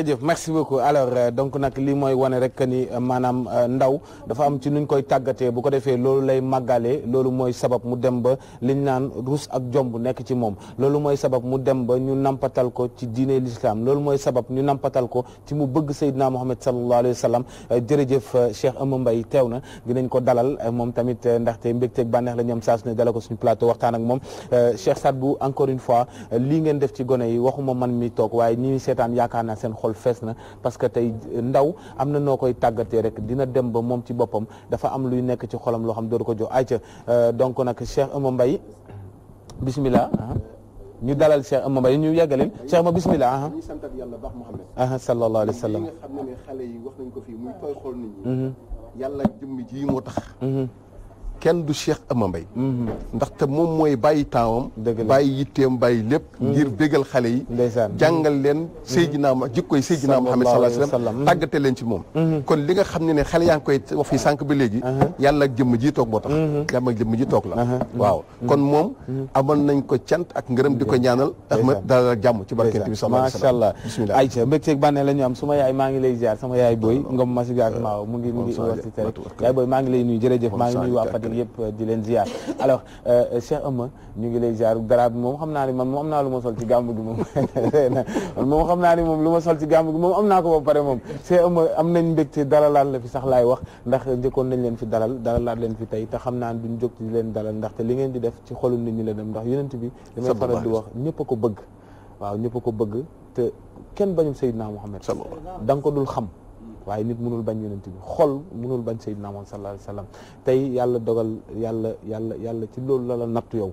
jërëjëf merci beaucoup alors euh, donc nag lii mooy wane rek ni euh, maanaam euh, ndaw dafa am ci nuñ koy tàggatee bu ko defee loolu lay màggalee loolu mooy sabab mu dem ba liñ naan rus ak jomb nekk ci moom loolu mooy sabab mu dem ba ñu nampatal ko ci diine l'islam loolu mooy sabab ñu nampatal ko ci mu bëgg Seydina Mohamed sallallahu alayhi wa sallam jërëjëf Cheikh Oumar Mbaye teew na dinañ ko dalal moom tamit ndaxte mbégteeg bànneex la ñoom saa su ne dala ko suñu plateau waxtaan ak moom Cheikh Sadbou encore une fois lii ngeen def ci gone yi waxuma man mi toog waaye ñi seetaan yaakaar naa seen xol xol na parce que tey ndaw am na noo koy tàggatee rek dina dem ba moom ci boppam dafa am luy nekk ci xolam loo xam dootu ko jox ayca euh, donc nag Cheikh Oumar mbay bismillah ah, ñu dalal Cheikh Oumar Mbaye ñu yeggaleel Cheikh ma bismillah aha ñu santat yàlla ah, xam ne xale yi wax nañ ko fii muy tooy xool nit ñi mhm. yàlla jëmm ji moo tax mhm. kenn du Cheikh Ama Mbaye mhm. ndaxte moom mooy bàyyi taawam bàyyi yitteem bàyyi lépp mhm. ngir bégal xale yi jàngal leen mhm. Seydina ma jikkoy Seydina Muhammad sallallahu alayhi wasallam tàggate leen ci moom kon li nga xam ne ne xale yaa ngi koy wax fii sànq ba léegi yàlla ak jëmm ji toog moo tax yàlla ji toog la waaw kon moom amoon nañ ko cant ak ngërëm di ko ñaanal Ahmad dalal ak jàmm ci barkent bi sallallahu alayhi wasallam macha allah bismillah ayca mbégteeg bànnee la ñu am suma yaay maa ngi lay ziar sama yaay booy ngom masiga ak maaw mu ngi mu ngi auditeurs di leen ziar alors euh, Cheikh Ama ñu ngi lay ziar dara bi moom xam naa ni man moom am naa lu ma sol ci gàmmu gi moom man moom xam naa ni moom lu ma sol ci gàmmu gi moom am naa ko ba pare moom Cheikh Ama am nañ mbégte dalalaat la fi sax laay wax ndax njëkkoon nañ leen fi dalal dalalaat leen fi tey te xam naa duñ jóg di leen dalal ndaxte li ngeen di def ci xolum nit ñi la dem ndax yonent bi li may di wax ñëpp a ko bëgg waaw ñëpp a ko bëgg te kenn bañul Seydina Muhammad da nga ko dul xam waaye nit mënul bañ yonent bi xol mënul bañ Seydina Muhammad sallallahu alayhi wa sallam tey yàlla dogal yàlla yàlla yàlla ci loolu la la natt yow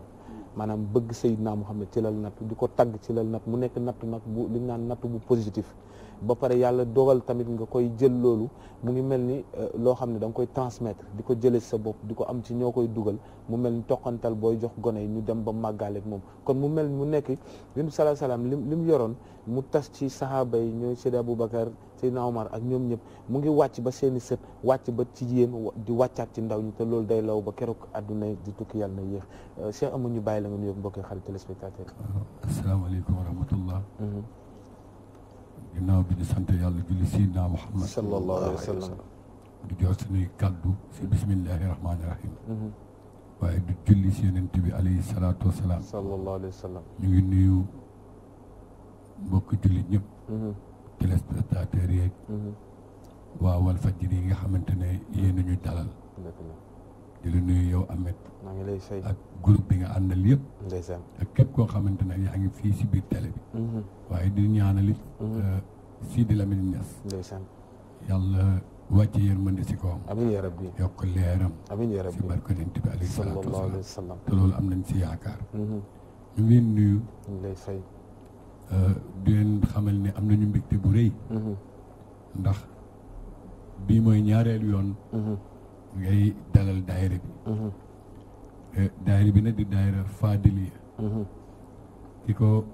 maanaam bëgg Seydina Muhammad ci la la natt di ko tagg ci la natt mu nekk natt nag bu li ñu naan natt bu positif ba pare yàlla dogal tamit nga koy jël loolu mu ngi mel ni euh, loo xam ne da nga koy transmettre di ko jëlee sa bopp di ko am ci ñoo koy dugal mu mel ni toqantal booy jox gone yi ñu dem ba màggaaleeg moom kon mu mel mu nekk yonent bi sallallahu alayhi wa sallam lim li mu yoroon mu tas ci saxaaba yi ñooy Seydina Aboubacar Seydina Omar ak ñoom ñëpp mu ngi wàcc ba seeni sët wàcc ba ci yéen di wàccaat ci ndaw ñi te loolu day law ba keroog àdduna di tukki yàlla na yéex euh, Cheikh Amou ñu bàyyi la nga nuyoog mbokki xarit téléspectateur yi. asalaamaaleykum mhm. sant yàlla julli Seydina Muhammad. sallallahu alayhi wa sallam. di jox suñuy kàddu si bismillahi rahmaani rahim. Mhm. waaye du julli si yonent bi alayhi salaatu wa sallam. ñu ngi nuyu. mbokk jullit ñëpp mhm. téléspectateurs yeeg mhm. waa yi nga xamante ne yéen ñu dalal di la nuyu yow Ameth maa ngi lay fay ak groupe bi nga àndal yëpp ndeysaan ak képp koo xamante ne yaa ngi fii si biir télé bi mhm. waaye di ñaanalit euh, Sidi Lamine Niass ndeysaan yàlla wàcce yéen mën di si kawam amiin yaa rabbi yokk leeram amiin yaa rabbi si barke Yonent bi alayhi salaatu wa salaam te loolu am nañ si yaakaar ñu ngi leen nuyu Euh, di leen xamal ne am nañu mbégte bu rëy mm-hmm. ndax bii mooy ñaareelu yoon mm-hmm. ngay dalal daayira bi mm-hmm. euh, daayira bi nag di daayira Faadiliya ki ko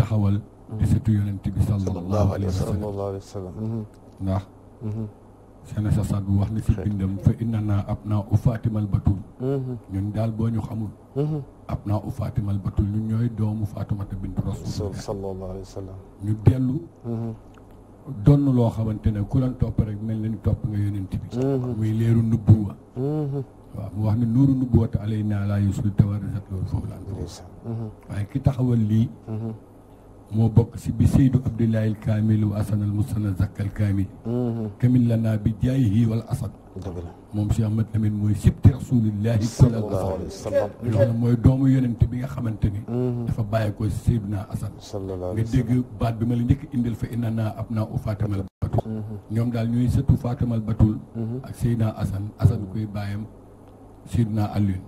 taxawal di sëtu yonent bi sallallahu alayhi wa sallam wax na si bindam fa inna naa ab naa u faatimal batul ñun daal boo ñu xamul ab naa u faatimal batul ñu ñooy doomu faatumata bintu rasul sallallahu alayhi wa sallam ñu dellu mm-hmm. donn loo xamante ne ku leen topp rek mel leen topp nga yonent bi mm-hmm. muy leeru nubbuwa mm-hmm. waaw mu wax ne nuuru nubbuwata alay naa laa yusul tawarasat loolu foofu laan waaye ki taxawal lii moo bokk si bi Seydou Abdoulaye al Kaamil wa Asan al Musana Zakk al Kaamil. Mm-hmm. Kamil lana bi jaayihi wal asad. moom Cheikh Ahmad Amin mooy sibti rasulillahi kull al asad. loolu nag mooy doomu yonent bi nga xamante ni. Mm-hmm. dafa bàyyi ko si Seydina Asan. nga dégg baat bi ma la njëkk indil fa inna naa ab naa u Faatimal Batul. Mm-hmm. ñoom daal ñooy sëtu Faatimal Batul. ak Seydina Asan Asan koy bàyyam. Hmm. Seydina Alioune.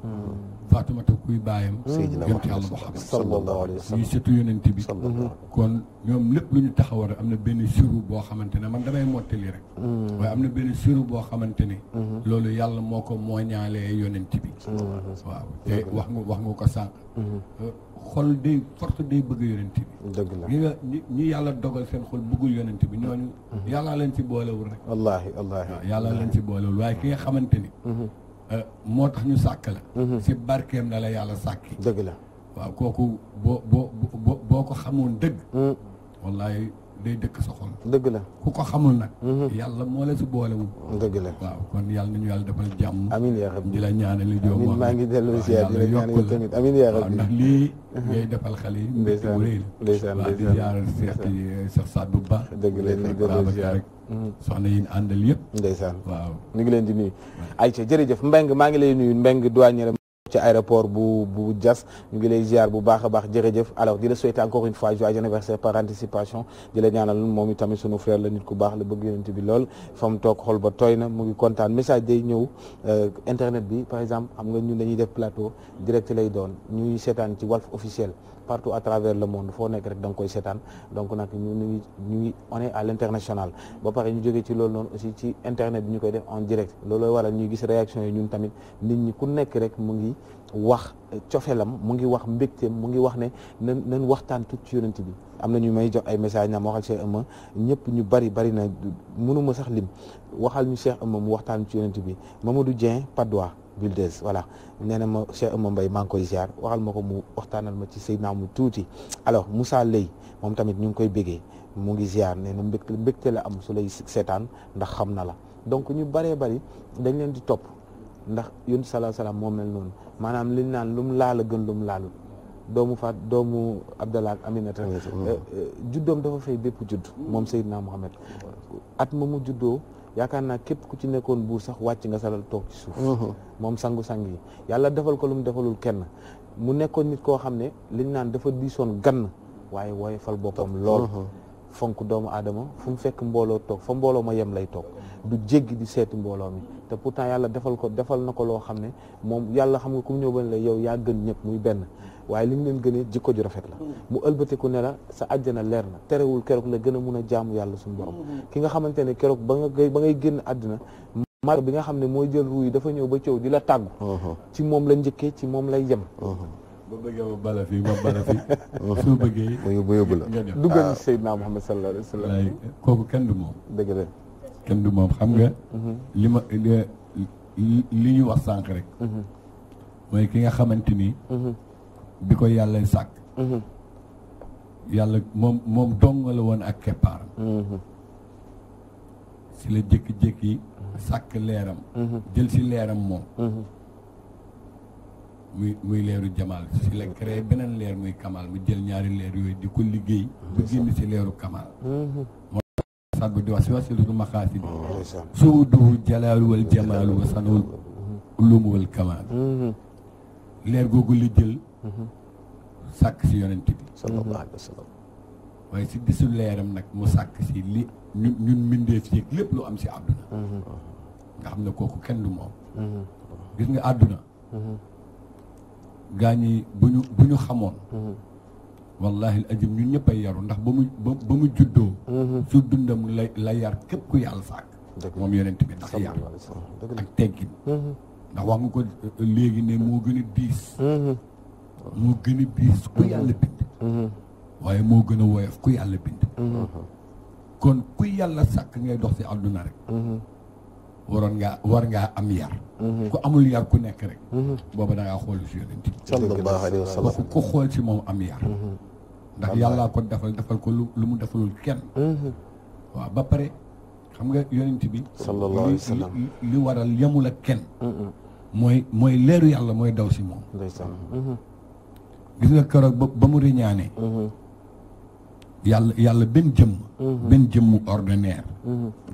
Faatumata kuy bàyyam. Seydina Muhammad yonent yàlla Muhammad sallallahu alayhi wa sallam ñuy sëtu yonent bi. Hmm. kon ñoom lépp lu ñu taxawal am na benn suru boo xamante ne man damay mottali rek. Hmm. waaye am na benn suru boo xamante ne. loolu yàlla moo ko mooñaalee yonent bi. waaw te wax nga wax nga ko sànq. Euh, xol day force day bëgg yonent bi. dëgg la ñi nga ñi yàlla dogal seen xol bëggul yonent bi ñooñu. yàllaa leen ci boolewul rek. wallaahi wallaahi. ci boolewul waaye ki nga xamante Euh, moo tax ñu sàkk la mhm. si barkeem la la yàlla sàkki dëgg la waaw kooku boo boo boo ko xamoon dëgg mhm. wallaahi day dëkk sa dëgg la ku ko xamul nag. Mhm. yàlla moo la si boolewul. dëgg la waaw kon yàlla nañu yàlla defal jàmm. amiin yaa rabbi di la ñaanal li joo maa la ñaanal tamit amiin yaa rabbi ndax lii mhm. ngay defal xale yi. ndeysaan ndeysaan waaw di ziar Cheikh Cheikh Saad bu la ñu dellu ziar rek. Mhm. soxna yi àndal yëpp. ndeysaan waaw ñu ngi leen di nuyu. a jërëjëf Mbengue maa ngi lay nuyu Mbengue douanier ci aéroport bu bu Diass ñu ngi lay ziar bu baax a baax jërëjëf alors di la souhaiter encore une fois joyeux anniversaire par anticipation di la ñaanal moom itamit sunu frère la nit ku baax la bëgg yonent bi lool fa toog xol ba tooy na mu ngi kontaan message day ñëw euh, internet bi par exemple xam nga ñun dañuy def plateau direct lay doon ñuy seetaan ci Walf officiel partout à travers le monde foo nekk rek da koy seetaan donc nag ñu ngi ñu ngi on wax cofelam mu ngi wax mbégteem mu ngi wax ne nan nan waxtaan tut ci yonent bi am na ñu may jox ay message na ma waxal Cheikh Amma ñëpp ñu bari bari na mënuma sax lim waxal ñu Cheikh Amma mu waxtaan ci yonent bi Mamadou Dieng Padois Buldes voilà nee na ma Cheikh Amma Mbaye maa ngi koy ziar waxal ma ko mu waxtaanal ma ci sëy naa mu tuuti alors Moussa Leye moom tamit ñu ngi koy bégee mu ngi ziar nee na mbégte mbégte la am su lay seetaan ndax xam na la donc ñu baree bari dañ leen di topp ndax yun salaa salaam moo mel noonu maanaam liñ naan lum laal a gën lum laalu doomu faat doomu Abdallah ak Aminata eh, eh, juddoom dafa fay bépp judd moom seyd Seydina Mohamed at ma mu juddoo yaakaar naa képp ku ci nekkoon buur sax wàcc nga salal toog ci suuf mhm. moom sangu-sang yi yàlla defal ko lu mu defalul kenn mu nekkoon nit koo xam ne liñ naan dafa diisoon gann waaye fal boppam mhm. lool fonk doomu aadama fu mu fekk mbooloo toog fa mbooloo ma yem lay toog du jéggi di seeti mbooloo mi te pourtant yàlla defal ko defal na ko loo xam ne moom yàlla xam nga ku ñëw ba ne la yow yaa gën ñëpp muy benn waaye li leen gënee jikko ju rafet la mu ëlbatiku ne la sa àjjana leer na terewul keroog la gën a mun a jaamu yàlla suñu borom ki nga xamante ne keroog ba nga ba ngay génn àddina mar bi nga xam ne mooy jël yi dafa ñëw ba cëw di la tàggu uh-huh. ci moom la njëkkee ci moom lay yem uh-huh. ba bëggee ma bala fii ma bala fii uh-huh. soo bëggee yóbbu la duggal ah. Seydina Muhammad sallallahu alayhi wa sallam kooku kenn du moom kenn du moom xam nga. Mm-hmm. Mm-hmm. li ma li ñu wax sànq rek. Mm-hmm. mooy ki nga xamante ni. bi ko yàlla sàkk. yàlla moom moom dong la woon ak keppaaram. si la jékki-jékki sàkk leeram. jël si leeram moom. muy muy leeru jamaal si la créé beneen leer muy kamal mu jël ñaari leer yooyu di ko liggéey. ba génn si leeru kamal. sabbi waswasilul maxaasin suuduhu jalaalu wal jamaalu wa sanul ulum wal kamaal mm-hmm. leer googu la jël mm-hmm. sàkk si yonent bi wa waaye si gisul leeram nag mu sàkk si li ñun ñun mbindee fi lépp lu am si àdduna mm-hmm. nga xam ne kooku kenn du moom gis nga àdduna gaa ñi bu ñu bu ñu xamoon wallahi ajum ñun ñëpp ay yaru ndax ba mu ba mu juddoo su mhm. dundam la la yar képp ku yàlla sàkk moom yonent bi ndax yar ak teggin mhm. ndax wax nga ko euh, léegi ne moo gën a diis mhm. moo gën a diis ku yàlla waaye moo gën a woyof ku yàlla bind yàlla sàkk ngay dox ci àdduna rek waroon ngaa war ngaa am yar ku amul yar ku nekk rek booba da ngaa xool si yonent bi sallallahu alayhi ku xool si moom am yar ndax yàllaa ko defal defal ko lu lu mu defalul kenn mhm. waaw ba pare xam nga yonent bi sallallahu alayhi wa sallam li waral yemul ak kenn mhm. mooy mooy leeru yàlla mooy daw si moom mhm. gis nga keroog ba mu riñaane yàlla yàlla benn jëmm benn jëmmu ordinaire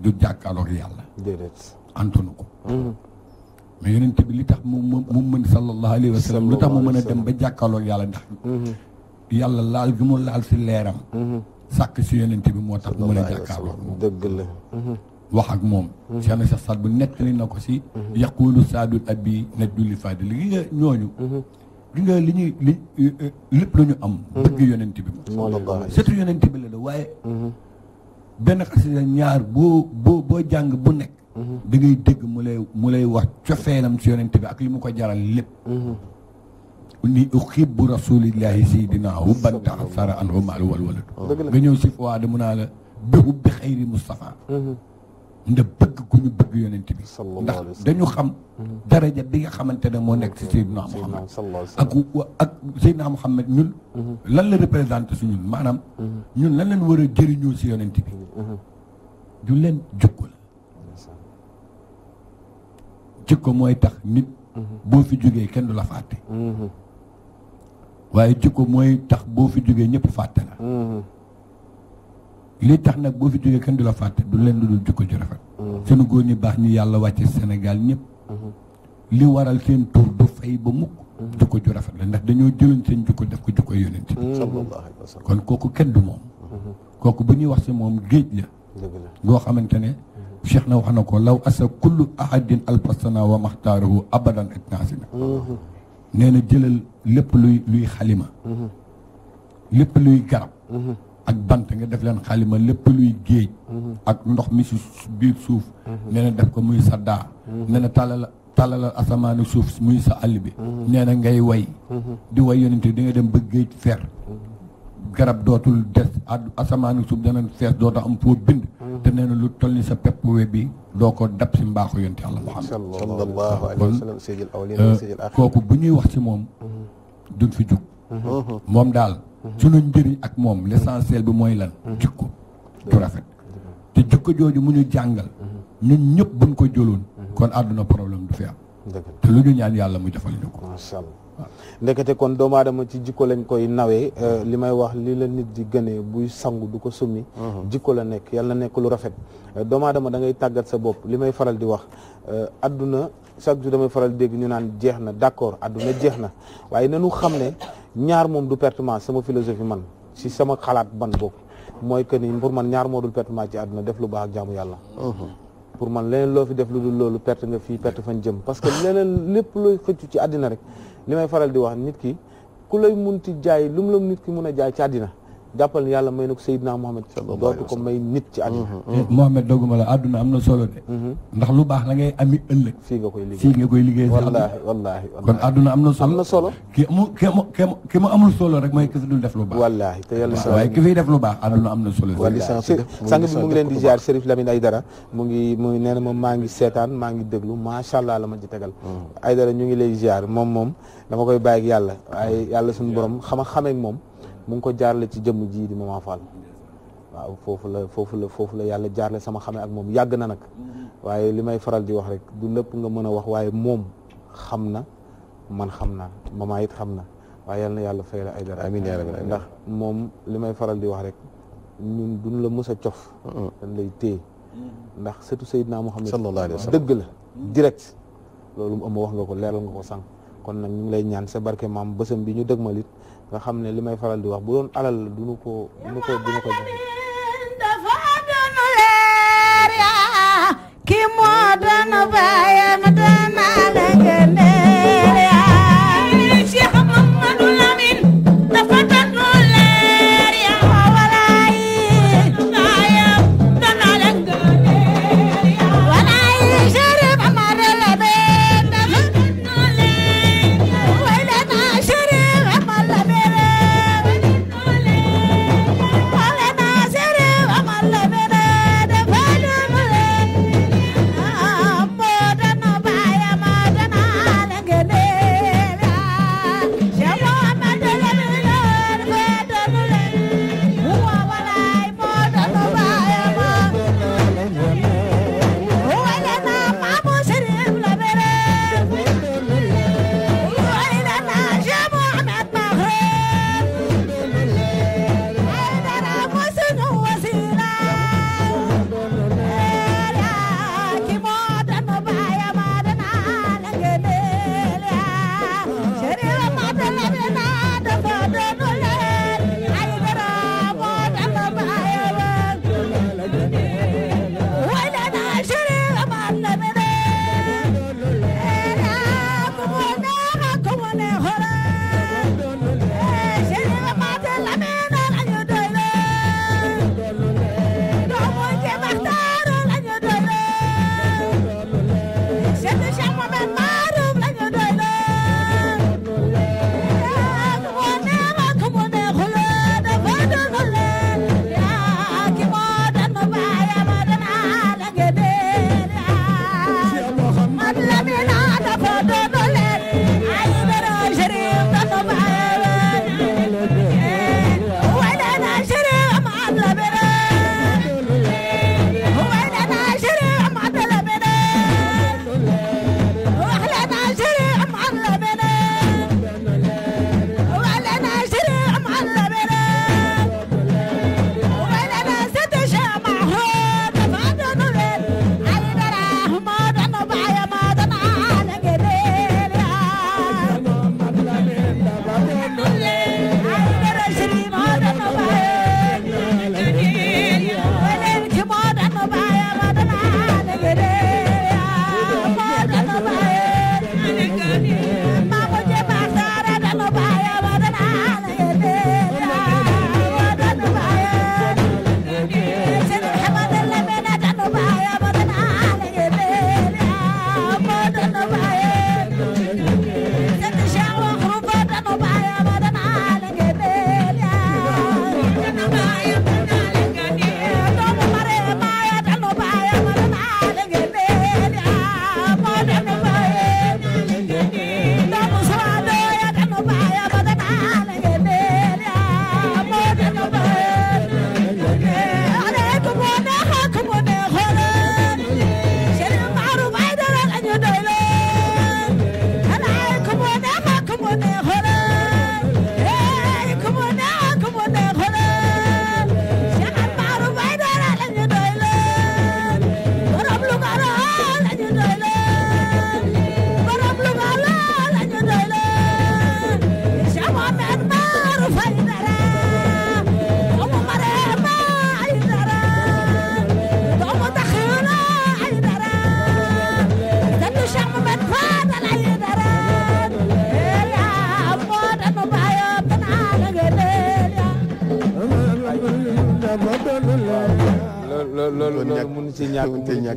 du jàkkaarloog yàlla antunu ko mais yonent bi li tax mu mu mën sallallahu alayhi wa sallam tax mu mën a dem ba jàkkaarloog yàlla ndax yàlla laal gi mu laal si leeram mm-hmm. sàkk si yonent bi moo tax mu mën a jàkkaarloo dëgg la mm-hmm. wax ak moom mm-hmm. Cheikhna sa Saad bu nettali na ko si yaqulu saadul abi najjuli fadil li nga ñooñu gi li ñuy li lépp la ñu am bëgg yonent bi ma surtout yonent bi la da waaye benn xasida ñaar boo boo boo jàng bu nekk da ngay dégg mu lay mu lay wax cofeelam si yonent bi ak li mu ko jaral lépp ni uhibbu rasulillahi sayidina hubban taxasara an humal walwalad nga ñëw si foo da mun naa la béxu bi xayri Moustapha mhm. nda bëgg ku ñu bëgg yonent bi ndax dañu xam mhm. daraja bi nga xamante ne moo nekk si Seydina Mouhamed ak ak Seydina Mouhamed ñun mhm. lan la représenté su ñun maanaam ñun lan leen war a jëriñoo si yonent bi du leen jukko la jikko mooy tax nit boo fi jógee kenn du la waaye jikko mooy tax boo fi jógee ñëpp fàtte la mm-hmm. li tax nag boo fi jógee kenn du la fàtte du leen lu dul jikko ju rafet mm-hmm. seen góor ñi baax ñu yàlla wàcce Sénégal ñëpp mm-hmm. li waral seen tur du fay ba mukk jikko ju rafet la ndax dañoo jëloon seen jikko def ko jikko yonent bi kon kooku kenn du moom kooku bu ñuy wax si moom géej la ngoo xamante ne Cheikh na wax na ko law asa kullu ahadin alpasana wa maxtaarahu abadan ak naasi na nee na jëlal lépp luy luy xalima mm-hmm. lépp luy garab mm-hmm. ak bant nga def leen xalima lépp luy géej mm-hmm. ak ndox mi si biir suuf nee na def ko muy sa daa nee na tàllal tàllal asamaanu suuf muy sa àll bi nee na ngay way di way yonente di dem ba géej fer garab dootul des asamaan suuf danañ fees doo am foo bind. Mm-hmm. te nee lu toll ni sa pepp we bi doo ko dab si mbaaxu yonent yàlla Muhammad sallallahu alayhi wa sallam kooku bu ñuy wax ci moom. Mm-hmm. duñ fi jug. Mm-hmm. moom daal. sunu njëriñ ak moom l'essentiel bi mooy lan. ko ju rafet. te jikko jooju mu ñu jàngal. ñun ñëpp buñ ko jëloon. kon àdduna problème du fi am. te lu ñu ñaan yàlla mu defal ñu ko. macha ndekete kon doomu aadama ci jikko lañ koy nawee euh, mm-hmm. li may wax li la nit di gënee buy sangu du ko summi mm-hmm. jikko la nekk yàlla nekk lu rafet euh, doomu aadama da ngay tàggat sa bopp li may faral di wax adduna euh, chaque jour damay faral dégg ñu naan jeex na d'accord adduna jeex na waaye nu xam ne ñaar moom du pertement sama philosophie man si sama xalaat ban bokk mooy que ni pour man ñaar moo dul pertement ci àdduna def lu baax ak jaamu yàlla mm-hmm. pour man leneen def lu dul loolu perte nga fii perte fan jëm parce que leneen lépp li may faral di wax nit ki ku la mun ci jaay lu mu nit ki mun a jaay ci àddina jàppal yàlla may na ko Seydina Mohamed may nit ci àddina mm-hmm. eh, Mohamed dogguma la àdduna am na solo de mm-hmm. ndax lu baax la ngay ami ëllëg fii nga koy liggéey fii nga koy liggéey wallaahi wallaahi kon am na solo am solo ki mu ki mu amul solo rek mooy kisi dul def lu baax wallaahi te yàlla waaye ki fiy def lu baax àdduna am na solo sang bi mu ngi leen di ziar Serif Lamine Aydara mu ngi mu nee na moom maa ngi seetaan maa ngi déglu macha allah la ma ci tegal mm. Aydara ñu ngi lay ziar moom moom dama koy bàyyi yàlla waaye yàlla suñu borom xama xameek moom mu ngi ko jaarale ci jëmm ji di Maman Fall waaw foofu la foofu la foofu la yàlla jaarale sama xame ak moom yàgg na nag waaye li may faral di wax rek du lëpp nga mën a wax waaye moom xam na man xam naa maa it xam na waaye yal na yàlla fay la ay dara amiin yaa rabbi ndax moom li may faral di wax rek ñun duñ la mës a cof dañ lay téye ndax sëtu Seydina Muhammad sallallahu alayhi wa sallam dëgg la direct loolu mu ëmb wax nga ko leeral nga ko sànq kon nag ñu ngi lay ñaan se barke maam bësam bi ñu dëgmal it nga xam ne li may faral di wax bu doon alal la du ñu ko du ñu ko du ñu ki moo doon baax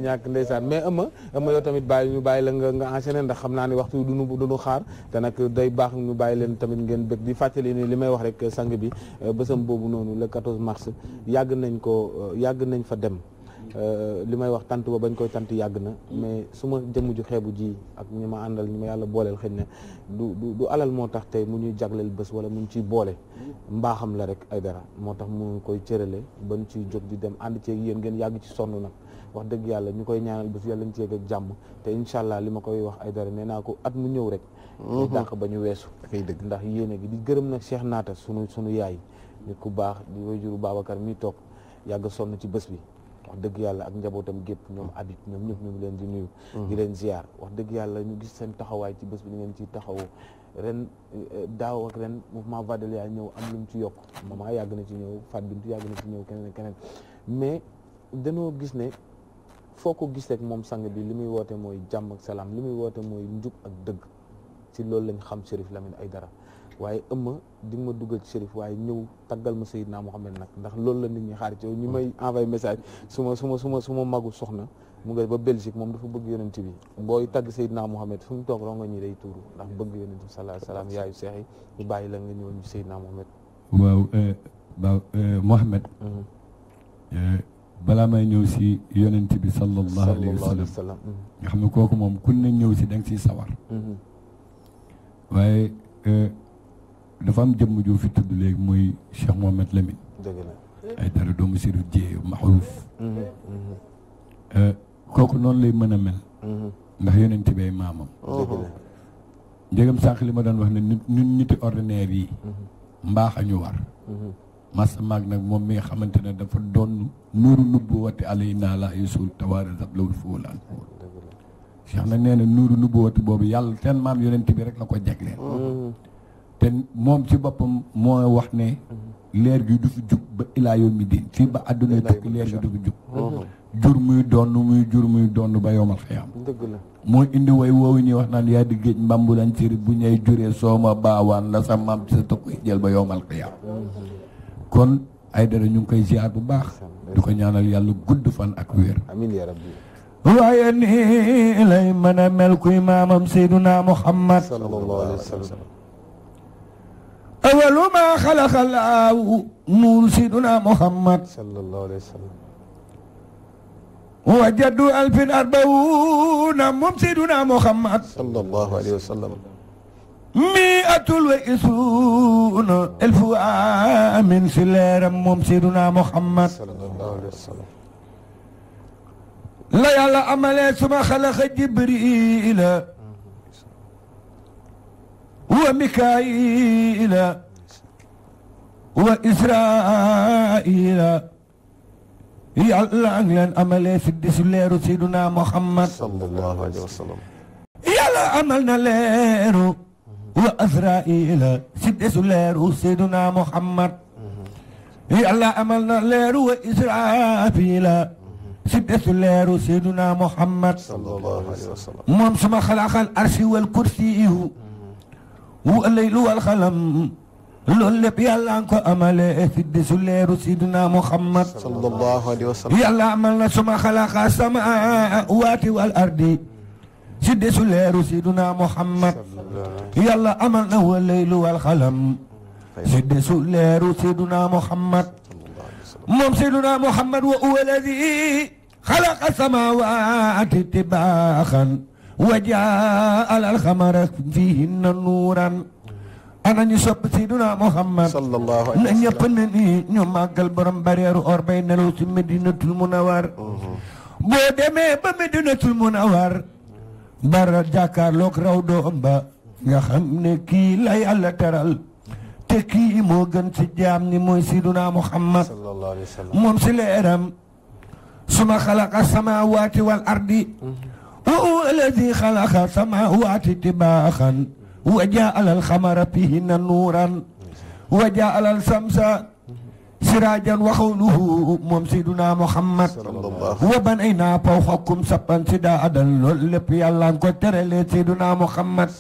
ñàkk ndeysaan mais ëmma ëmma yow tamit bàyyi ñu bàyyi la nga nga enchaîné ndax xam naa ni waxtu du nu du nu xaar te nag day baax ñu bàyyi leen tamit ngeen bëgg bi fàttali ni li may wax rek sang bi euh, bésam boobu noonu le 14 mars yàgg nañ ko euh, yàgg nañ fa dem euh, li may wax tant ba bañ koy tant yàgg na mais su ma jëmm ju xeebu ji ak ñi ma àndal ñu ma yàlla booleel xëy na du du du alal moo tax tey mu ñuy jagleel bës wala mu ñu ciy boole mbaaxam la rek ay dara moo tax mu koy cërale bañ ciy jóg di dem ànd ceeg yéen ngeen yàgg ci sonn nag wax dëgg yàlla ñu koy ñaanal bés yàlla ñu ci yegg ak jàmm te incha allah li ma koy wax ay dara nee naa ko at mu ñëw rek ñu mhm. ba ñu weesu ndax yéene gi di gërëm nag Cheikh Naata sunu sunu yaay nit ku baax di wajuru Babacar mi toog yàgg sonn ci bés bi wax dëgg yàlla ak njabootam gépp ñoom abit ñoom ñëpp ñu ngi leen di nuyu mhm. di leen ziar wax dëgg yàlla ñu gis seen taxawaay ci bés bi ni ngeen ciy taxawoo ren eh, eh, daaw ak ren mouvement Vadel yaa ñëw am lu mu ci yokk moom yàgg na ci ñëw Fat Bintu yàgg na ci ñëw keneen keneen foo ko gis rek moom sang bi li muy woote mooy jàmm ak salaam li muy woote mooy njub ak dëgg ci loolu lañ xam Chérif ay Aidara waaye ëmma di ma duggal serif waaye ñëw taggal ma Seydina Mouhamed nag ndax loolu la nit ñi xaar ci yow ñi may envoyé message su ma su ma su ma magu soxna mu nga ba Belgique moom dafa bëgg yonent bi booy tagg Seydina Mouhamed fu mu toog ronga ñi day tuuru ndax bëgg yonent bi salaa salaam yaayu seex yi ñu bàyyi la nga ñëw ñu Seydina Mouhamed waaw euh, waaw euh, balaa may ñëw si yonent bi sallallahu alayhi wa sallam nga xam ne kooku moom kun na ñëw si da si siy sawar mm-hmm. waaye e, dafa am jëmm joo fi tudd léegi muy Cheikh Mohamed Lamine ay dara doomu siru jee maxruuf mm-hmm. e, kooku noonu lay mën a mel mm-hmm. ndax yonent bi ay maamam njëgam sànq li ma doon wax ne nit ñun niti ordinaire yi mbaax a ñu war masamaag nag moom mi nga xamante ne dafa doon nuuru nubbu wati alay naa laa yusul tawaara sab lawul foofu la Cheikh na nee na nuuru nubbu wati boobu yàlla seen maam yonent bi rek la ko jagleen te moom ci boppam moo wax ne leer gi du fi jub ba ilaa bi diin fii ba àdduna tukki leer gi du fi jub jur muy doon muy jur muy doon ba yomal xiyaam moo indi way woowu ñuy wax naan yaa di géej mbambulan ciri bu ñay juree sooma baawaan la sa kon ay ñu ngi koy ziar bu baax di ko ñaanal yàlla gudd fan ak wér waaye nii lay mën a mel kuy maamam Seyduna Muhammad ma xalaqa laahu nuur Seyduna Muhammad wajadu alfin arbauna moom Seyduna Muhammad sallallahu alayhi wa مئة وعشرون ألف عام si leeram moom Seydina Muhammad sallallahu la yàlla amalee suma xalaqa Jibriila wa Mikaayila wa Israa'iila yàlla ak leen amalee siddi si leeru Seydina Muhammad sallallahu leeru wa Asraa'ila si desu leeru Seydina Muhammad yàlla amal na leeru wa Israafila si desu leeru Seydina Muhammad moom sama xalaqal arsi wal kursiyu wa laylu wal xalam loolu lépp yàlla nga ko amalee si desu leeru Seydina Muhammad yàlla amal sama xalaqa sama waati ardi si desu leeru siduna muhammad yàlla amal na wa leylu wal xalam si desu leeru siduna muhammad moom siduna muhammad wa huwa alladi xalaqa samaawaati tibaaxan wa jaal al xamara fihinna nuuran ana ñu sopp siduna muhammad na ñëpp na ni ñu màggal borom bareeru or munawar mhm. boo demee ba medinatul munawar bara jàkkaarloog raw doom ne kii la yàlla teral te kii moo gën ci jaam ni mooy siduna muhammad moom si leeram suma xalaqa samaawaati wal ardi wa huwa alladi xalaqa samaawaati tibaaxan wa jaala alxamara fihinna nuuran wa jaala alsamsa siraajan wa xawluhu moom Seydina Muhammad wa banaynaa fawqakum sabban sidaadan loolu lépp yàlla ko terale Seydina Muhammad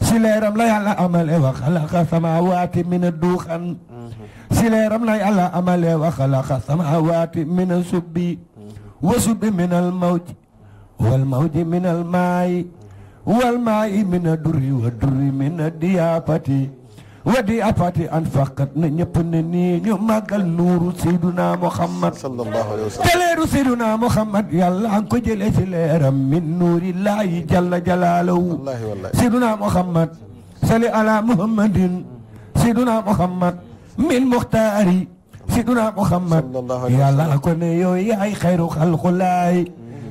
si leeram la yàlla amale wa xalaqa samaawaati mina duuxan mm-hmm. si leeram la amale wa xalaqa samaawaati mina subbi mm-hmm. wa subbi minal mawji wal mawji minal maayi mm-hmm. wal maayi mina durri wa durri mina diyaafati wadi apati an faqat na ñëpp ne nii ñu màggal nuuru Seyduna Muhammad sallallahu Seyduna Muhammad yàlla an ko jëlee si leeram min nuurillaahi jalla jalaaluhu Seyduna Muhammad Seyduna Muhammad min muxtaari Seyduna Muhammad yàlla ko ne yow yaay xayru xalqulaay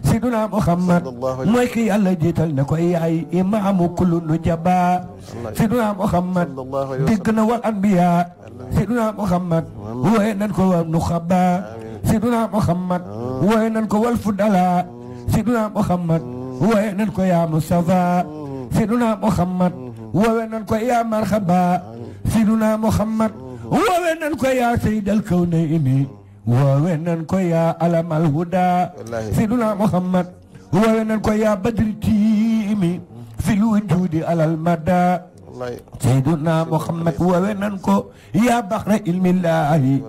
siduna muhammad mooy ki yàlla jiital ne ko yaay imaamu kullu nujaba siduna muhammad digg na siduna muhammad wooye nan ko wal nuxaba siduna muhammad wooye nan ko wal fudala siduna muhammad wooye nan ko yaa mustafa siduna muhammad wooye nan ko yaa marhaba siduna muhammad wooye nan ko yaa sayyid al kawnayni woowee nan ko yaa alamal huda siduna muhammad woowee nan ko yaa badri tiimi fil wujudi alal mada sayduna muhammad woowee nan ko yaa baxra ilmillahi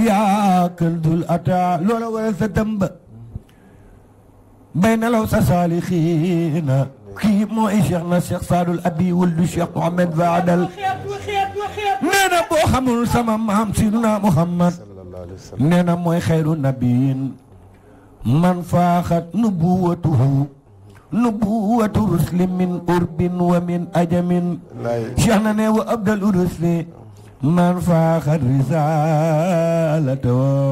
yaa këldul ata loola wara sa damba bay nalaw kii mooy cheikh na cheikh saadul abi wuldu cheikh mohamed vaadal nee na boo xamul sama siduna muhammad nee na mooy xayru nabiyin man faaxat nubuwatuhu nubuwatu rusli min urbin wa min ajamin cheikh na ne wa abdalu rusli man faaxat risalatahu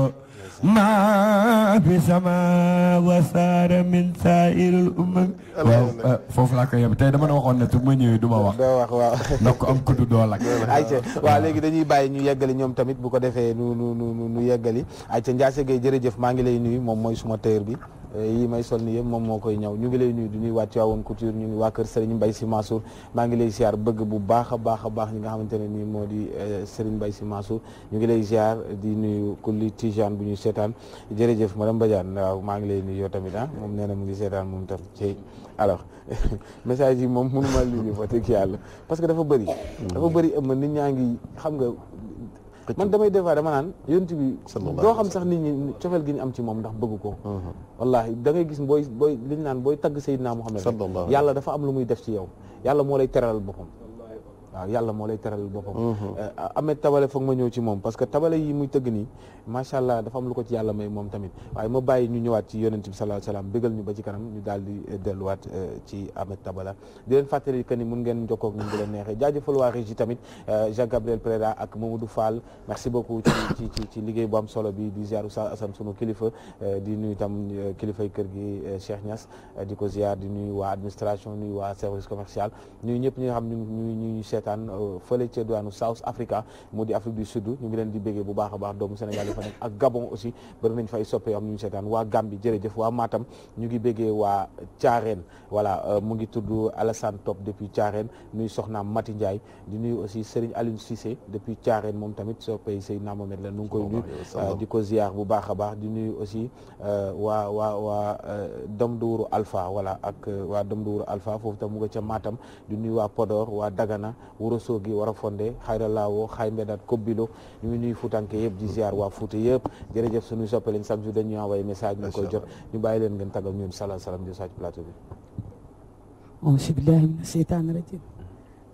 bisama wasaare min saa'iril umam. foofu laa koy yem tey dama ne waxoon ne tu ma ñëwee du ma wax. doo wax waaw ndax ku am kuddu doo lakk. ayca waaw léegi dañuy bàyyi ñu yeggali ñoom tamit bu ko defee nu nu nu nu yeggali ayca Ndiass Gueye jërëjëf maa ngi lay nuyu moom mooy suma tëyër bi. Eh, yi may sol ni yëpp moom moo koy ñëw ñu ngi lay nuyu di nuyu waa Tivaouane Couture ñu ngi waa kër Serigne Mbaye Sy Mansour maa ngi lay ziar bëgg bu baax a baax a baax ñi nga xamante ne nii moo di eh, Serigne Mbaye Sy Mansour ñu ngi lay ziar di nuyu kulli tijaan bu ñuy seetaan jërëjëf madame Badiane waaw maa ngi lay nuyu yow tamit ah moom nee na mu ngi seetaan moom tam ci alors message yi moom mënu ma lii fa tëgg yàlla parce que dafa bëri mm-hmm. dafa nit ñaa ngi xam nga man damay des fois dama naan yonent bi doo xam sax nit ñi cofeel gi ñu am ci moom ndax bëgg ko uh-huh. wallaahi da ngay gis booy booy li ñu naan booy tagg Seydina Muhammad yàlla dafa am lu muy def ci yow yàlla moo lay teralal boppam waaw yàlla moo lay teral boppam. Mhm. Eh, Ahmed Tabale foog ma ñëw ci moom parce que Tabale yi muy tëgg nii macha allah dafa am lu ko ci yàlla may moom tamit waaye ma bàyyi ñu ñëwaat ci yonent bi sallallahu alayhi wasallam bégal ñu ba ci kanam ñu daal di eh, delluwaat eh, ci Ahmed Tabala di leen fàttali que ni mun ngeen jokkoo ak ñun bu leen neexee jaajëfal waa Régie tamit Jean Gabriel Préda ak Mamadou Fall merci beaucoup ci ci ci liggéey bu am solo bi di ziar Oustaz Assane sunu gi Cheikh Niass di ko ziar di nuyu waa administration nuyu waa service commercial ñuy seetaan euh, fële ca diwaanu South Africa moo di Afrique du Sud ñu ngi leen di béggee bu baax a baax doomu Sénégal yi fa nekk ak Gabon aussi bëri nañ fay soppe am ñu seetaan waa Gambie jërëjëf waa ñu ngi béggee waa Thiarène voilà euh, mu ngi tudd Alassane Top depuis Thiarène nuy soxna Mati Ndiaye di nuy aussi Serigne Alioune Cissé depuis Thiarène moom tamit soppey Seydina Mohamed la nu ngi koy nuyu euh, di ko ziar bu baax a baax di nuyu aussi waa waa waa Domdouuru Alpha wala ak waa Domdouuru Alpha foofu tam mu nga ca Matam di nuyu waa Podor waa Dagana Ourossogui Warafondé Xayra Lawo Xay Mbedat Kobilo ñu ngi nuyu Fuutanke yëpp di ziar waa Fuuta yëpp jërëjëf suñuy soppe lañ chaque jour dañuy envoyé message ñu koy jot ñu bàyyi leen ngeen tàggal ñun salal salam di saaj plateau bi auzu billaahi mina seytaani rajiim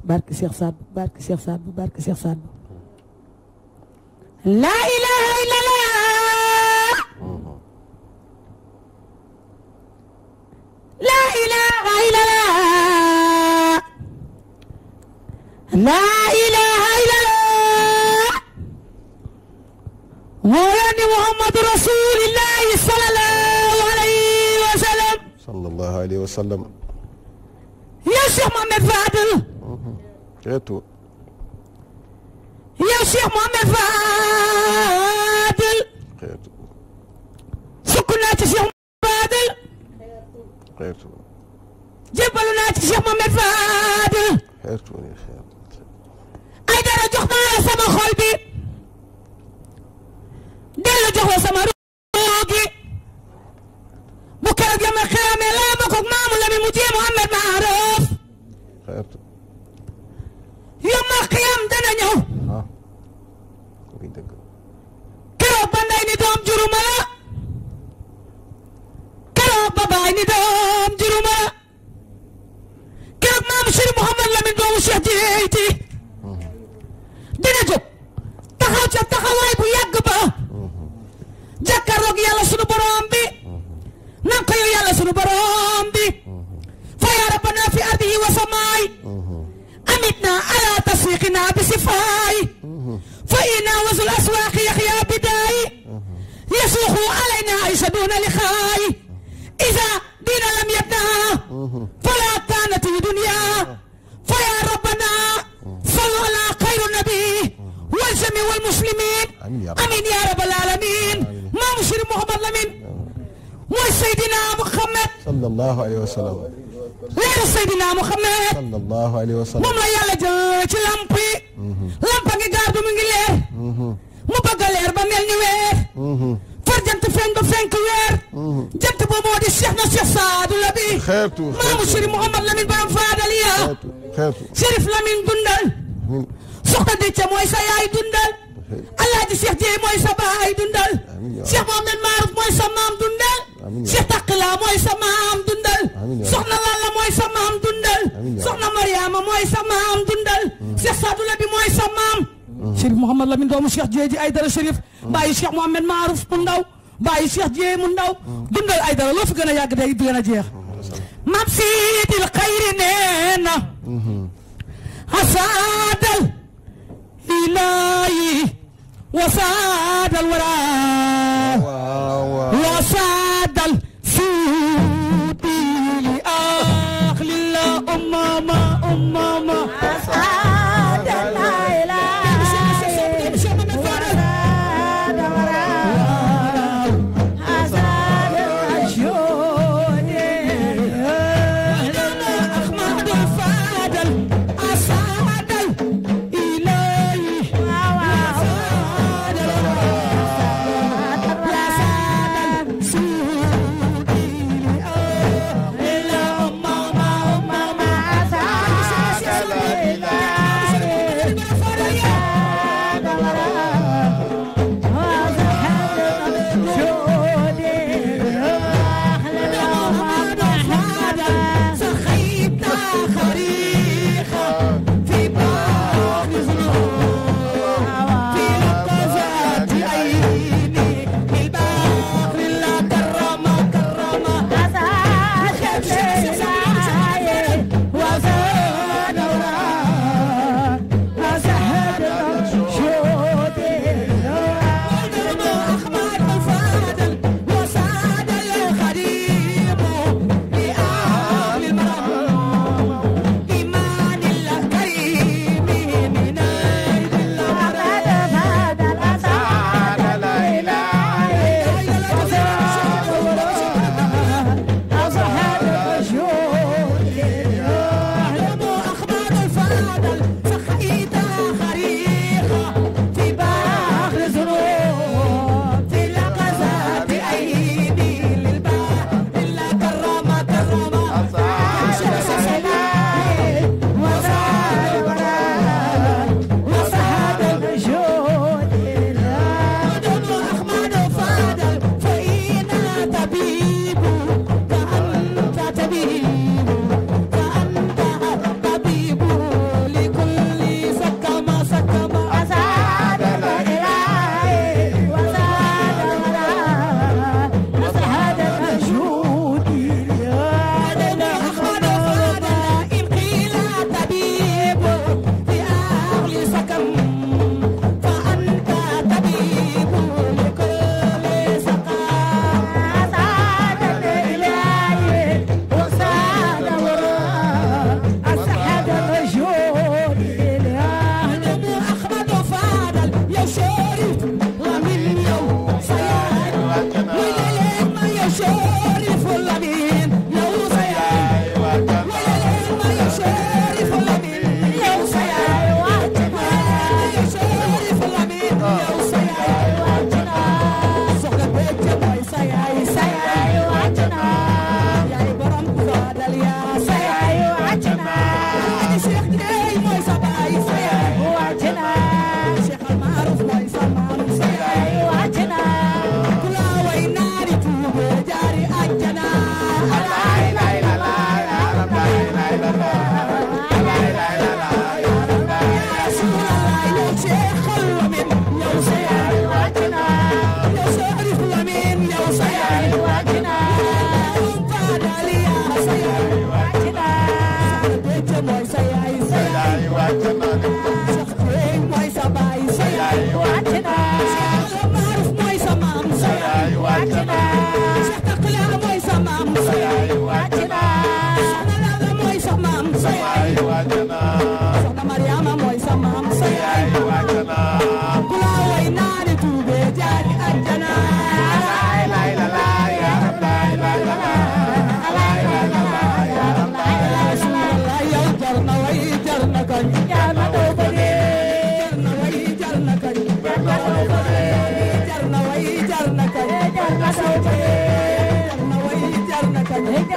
barke Cheikh Saad barke Cheikh Saad barke Cheikh Saad laa ilaaha illallah moo yónni Muhammadu rasulillahi sallallahu alayhi wa sallam. sallallahu alayhi wa sallam. yow Cheikh Mohamed Fadel. xeetu. Mm-hmm. yow Cheikh Mohamed Fadel. xeetu. sukk naa ci Cheikh Mohamed Fadel. xeetu. jébbalu naa ci Cheikh Mohamed Fadel. xeetu. dara jox naa la sama xol bi dellu jox la sama ruu gi bu keroog la ma xeramee laa ma ko maamu la mi mu jee Muhammad Maaroof yawmal qiyaam dana ñëw ah. keroog ba ndey ni doom juruma la keroog ba baay ni doom juruma la keroog maam Cheikh Muhammad Lamin doomu Cheikh Jéey ca taxawaay bu yàgg ba jàkkaarloog yàlla sunu borom bi nan ko yow yàlla sunu borom bi fa yaa rabbana fi ardihi wa samaay amitna ala taswiqina bi sifaay fa ina wasul aswaaqi yaxya bidaay yasuuxu alayna aysa duna lixaay isa diina lam yabna fala kaanati dunya fa yaa rabbana sallu ala xayru nabi wal jami wal muslimin amin ya rabbal alamin maam Sëriñ Muhammad Lamin mooy Seydina Muhammad sallallahu alayhi wa sallam leeru Seydina Muhammad sallallahu alayhi wa sallam moom la yàlla jël ci lamp yi mhm. lampa ngi gardu mu ngi leer mhm. mu bëgg a leer ba mel ni weer mhm. far jant feeñ ba fenk weer jant boobu moo di Cheikh na Cheikh Saadu la bi maamu Sëriñ Muhammad Lamin borom faadaliya Chérif Lamin dundal soxna Déthié mooy sa yaay dundal alaaji Cheikh Dieye mooy sa baay dundal Cheikh Mohamed Maaruf mooy sa maam dundal Cheikh Taqila mooy sa maam dundal soxna Lalla mooy sa maam dundal soxna Mariama mooy sa maam dundal mm. Cheikh Sadula bi mooy sa maam mm. Chérif Mouhamad Lamine doomu Cheikh Dieye ji Aydara Chérif mm. bàyyi Cheikh Mohamed Maaruf mu ndaw bàyyi Cheikh Dieye mu ndaw dundal Aydara loo fi gën a yàgg day gën a jeex maam Sidil Xayri nee na mm-hmm. asaadal إلهي وساد الورى وساد السود لأخل الله أماما أماما وساد الآية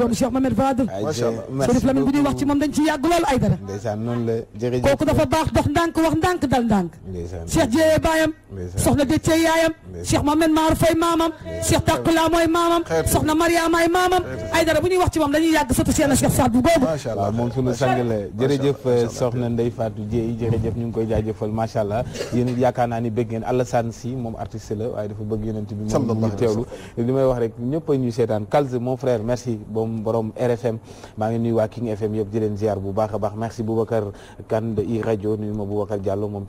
doon Cheikh Mohamed Fadel Chérif Lamine bi ñuy wax ci moom dañ ci yàgg lool ay dara ndeysaan noonu la jërëjëf kooku dafa baax dox ndànk wax ndànk dal ndànk Cheikh Jéye baayam soxna Déthié yaayam Cheikh Mohamed Mar Fay maamam Cheikh Takula mooy maamam soxna Mariama ay maamam Aïdara bu ñuy wax ci moom dañuy yàgg sëtu seen Cheikh Saad bu boobu macha allah moom sunu sang la jërëjëf soxna Ndeye Fatou Dieye naa ni ngeen Alassane si moom artiste la waaye dafa bëgg may wax rek ñëpp a ñuy seetaan Kalz mon frère merci boom borom RFM maa ngi nuyu waa King bu baax baax merci Boubacar Kane de i rajo nuyu mu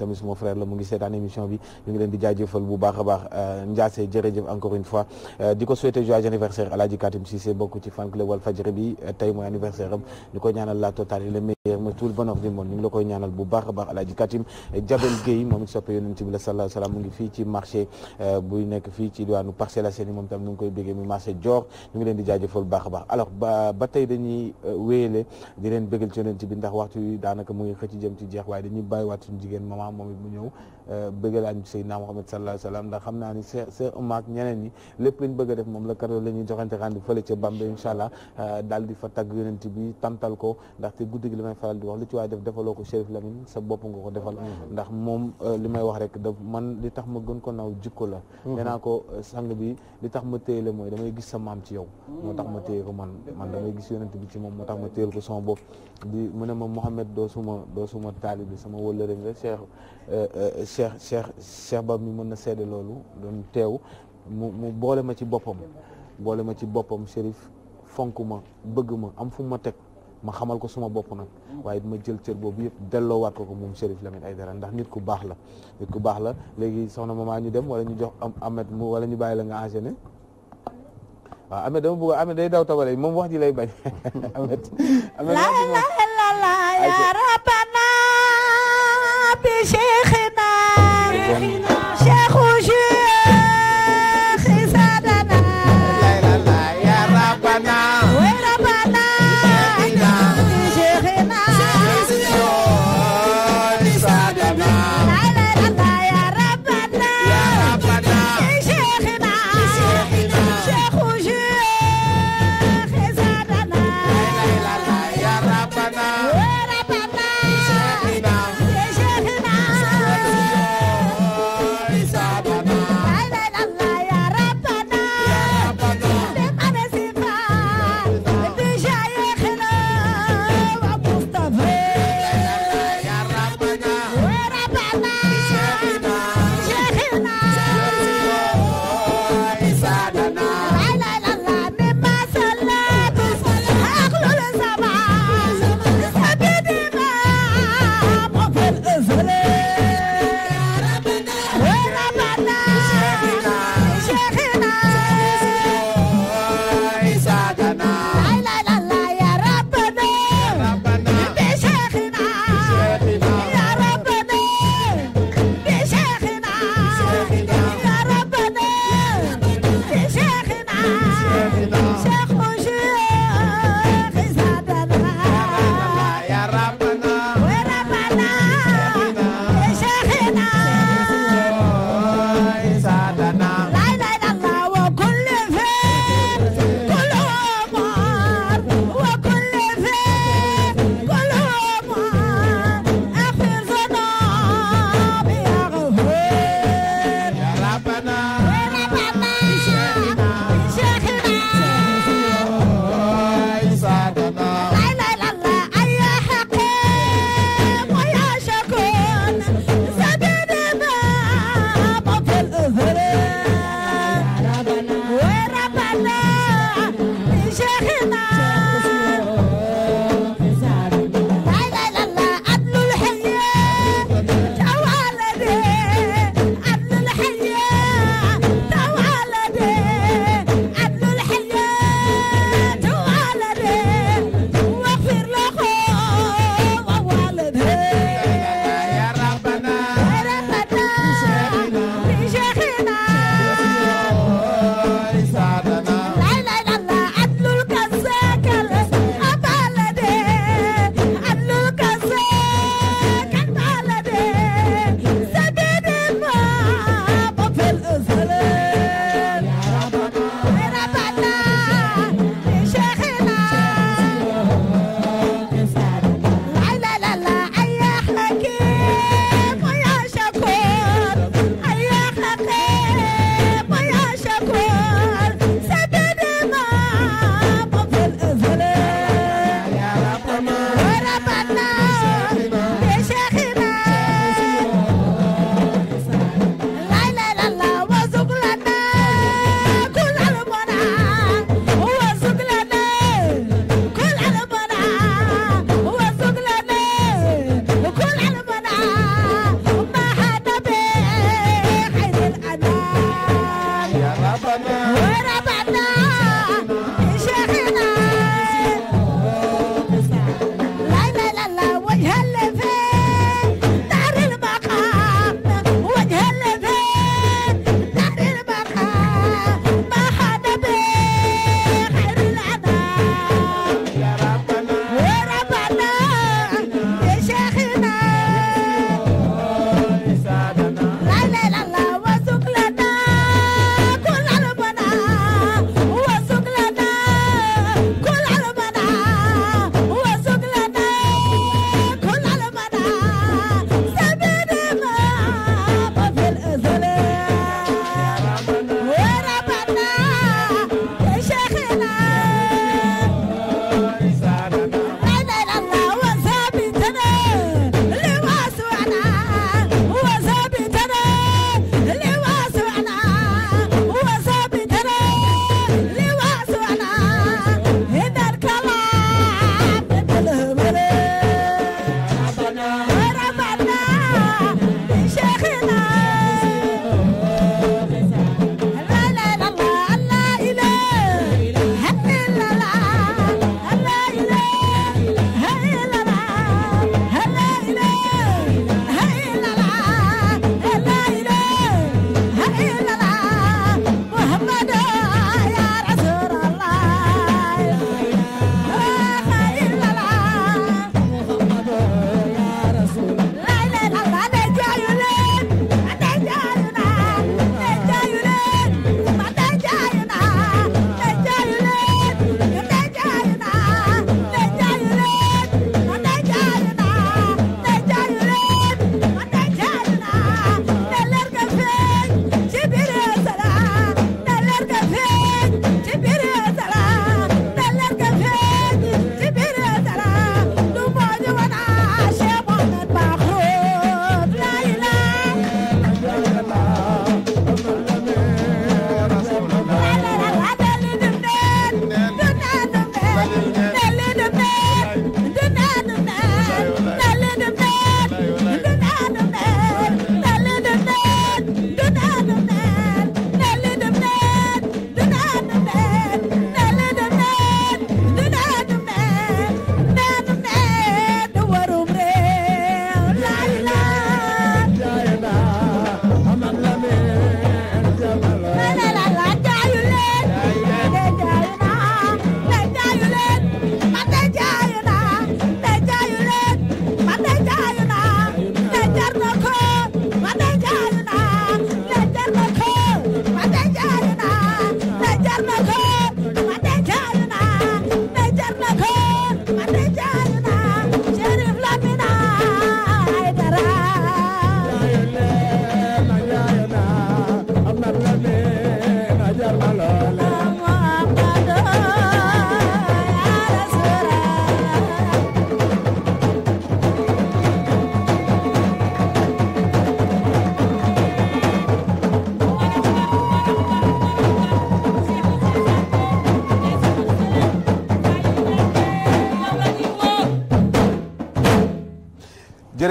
ngi seetaan émission bi leen di jaajëfal bu baax a baax euh, Ndiasse jërëjëf encore une fois euh, di ko souhaiter joyeux anniversaire Alaaji Katim Cissé bokk ci fan club Walfadjri bi eh, tey mooy anniversaire am ñu koy ñaanal laa totale le meilleur mooy tout le bonheur du monde ñu ngi la koy ñaanal bu baax a baax alaaji Katim eh, Jabel Gueye moom it soppe yonent bi la sallallahu mu ngi fii ci marché eh, buy nekk fii ci diwaanu Parcelles Assainies moom tam ñu ngi koy béggee mu marché Dior ñu ngi leen di jaajëfal bu baax a baax alors ba tey dañuy wéyale di leen bégal ci yonent bi ndax waxtu yi daanaka mu ngi xëcc jëm ci jeex waaye dañuy bàyyi waat suñu jigéen moom it ñëw bëggalaañ Seydina Muhammad sallallahu alayhi wa sallam ndax xam naa ni Cheikh Cheikh Oumar ak ñeneen ñi lépp lañ bëgg a def moom la karo la ñuy joxante xandi fële ca Bambey incha allah euh, dal di fa tag yonent bi tantal ko ndaxte guddi gi li may faral di wax lu ci waay def defaloo ko Chérif Lamine sa bopp nga ko defal mm-hmm. ndax moom euh, li may wax rek daf man li tax ma gën ko naw jikko la mm-hmm. nee naa ko euh, sang bi li tax ma téye la mooy damay gis sa maam ci yow mm-hmm. moo tax ma téye ko man man damay gis yonent bi ci moom moo tax ma téyel ko sama bopp di mu ne ma Mouhamed doo suma doo suma taalibi sama wëllëre nga Cheikh euh, euh, Cheikh Cheikh Cheikh Ba mi mën na seede loolu doon teew mu mu boole ma ci boppam boole ma ci boppam Chérif fonk ma bëgg ma am fu ma teg ma xamal ko suma bopp nag waaye it ma jël cër boobu yëpp delloowaat ko ko moom Chérif ay Aïdara ndax nit ku baax la nit ku baax la léegi soxna maa ñu dem wala ñu jox am amet mu wala ñu bàyyi la nga enchaîné waaw Ameth dama bëgg Ameth day daw tabale moom wax ji lay bañ Ameth. la ilaha illallah ya rabbana bi cheikhina cheikhu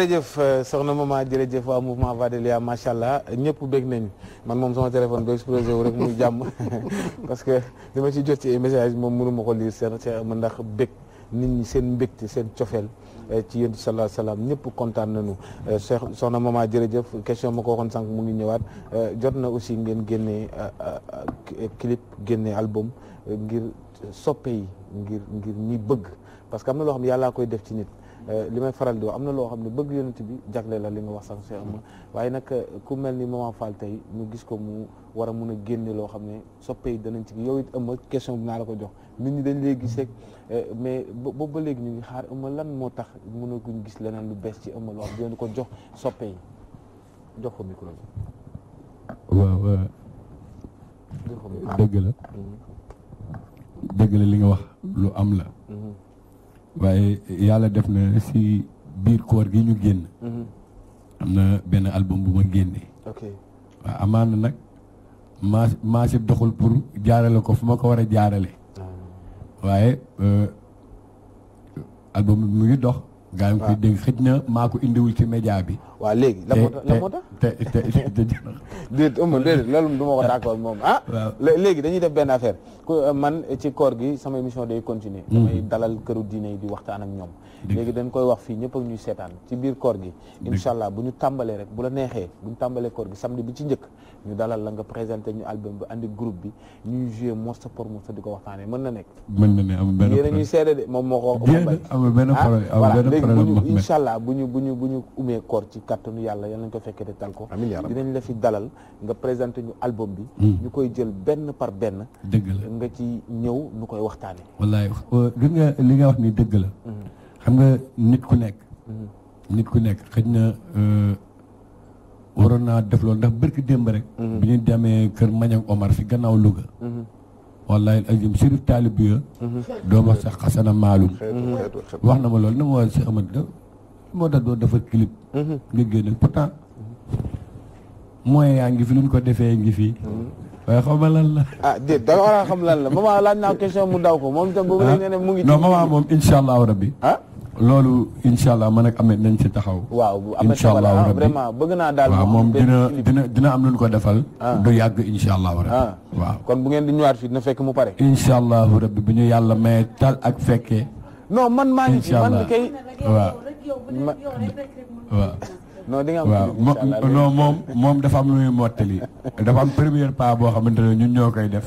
jërëjëf euh, soxna Mama jërëjëf waa mouvement Vadelia macha allah ñëpp bég nañu man moom sama téléphone bi explosé wu rek muy jàmm parce que dama ma ci jot ci message moom mënu ko liir seen seen ndax bég nit ñi seen mbégte seen cofeel euh, ci yéen sallallahu alayhi wasallam ñëpp kontaan nañu euh, soxna Mama jërëjëf question ma ko waxoon sànq mu ngi ñëwaat jot na aussi ngeen génnee clip génnee album ngir soppe yi ngir ngir ñi bëgg parce que am na loo xam yàllaa koy def ci nit. Euh, li may faral di wax am na loo xam ne bëgg yonent bi jagle la li nga wax sànq Cheikh Oumar waaye nag euh, ku mel ni Maman Fall tey ñu gis ko mu war a mun a génne loo xam ne soppe yi danañ ci yow it ëmma question bi naa la ko jox nit ñi dañ lay gis rek euh, mais ba léegi ñu lan moo tax mënaguñ gis leneen lu bees ci ëmma loo xam jox soppe yi jox ko micro bi. waaw dëgg la mm-hmm. dëgg la li nga wax lu am la. Mm-hmm. waaye yàlla def na si biir koor gi ñu génn. Mm-hmm. am na benn album bu ma génnee. ok amaana nag maa maa doxul pour jaarale ko fu ma ko war a jaarale. Ah. waaye euh, album bi mu ngi dox. gaa ngi koy dégg xëj na maa ko indiwul ci média bi. waa léegi la moo tax la moo tax te te te te. déedéet ëmb déedéet loolu du ma ko d'accord moom ah. léegi dañuy def benn affaire. man ci koor gi sama émission day continuer hmm. damay dalal këru diine yi di waxtaan ak ñoom. léegi dañ koy wax fii ñëpp ak ñuy seetaan ci biir koor gi incha allah bu ñu tàmbalee rek bu la neexee bu ñu tàmbalee koor gi samedi bi ci njëkk ñu dalal la nga présenté ñu album bi andi groupe bi ñuy joué morceau pour morceau di ko waxtaanee mën na nekk mën na ne amul benn moom moo ko amul ah, ñu allah bu ñu bu ñu bu ñu umee koor ci kattanu yàlla yal nañ ko fekkee de tal ko dinañ la fi dalal nga présenté ñu album bi hmm. ñu koy jël benn par benn dëgg la nga ci ñëw nu koy waxtaanee wallaay gën li nga wax ni dëgg la xam nga nit ku nekk. nit ku nekk xëñ na euh, waroon naa def loolu ndax bërki démb rek. Mhm. bi ñu demee kër Mañang Omar si gannaaw Louga. Mhm. wallahi azim sirif taalib bi ya. Mhm. dooma sax xasana maalum. wax na ma loolu na ma wax si Amady da doo defar clip. nga yaa ngi fi lu ko defee ngi fi. waaye xaw ma lan la. ah déet da nga a mu daw ko moom itam boobu la ah. nga ne mu ngi. non maman moom incha rabbi ah? loolu incha allah man ak Ameth nañ ci taxaw. waaw incha allah vraiment bëgg naa daal moom dina dina dina am lu ñu ko defal. du yàgg incha allah rabbi waaw kon bu ngeen di ñu ñëwaat fii dina fekk mu pare. incha allah bi bu ñu yàlla may tal ak fekkee. non man maa ngi ci man kay. waaw non di nga am non moom moom dafa am lu muy mottali dafa am première pas boo xamante ne ñun ñoo koy def.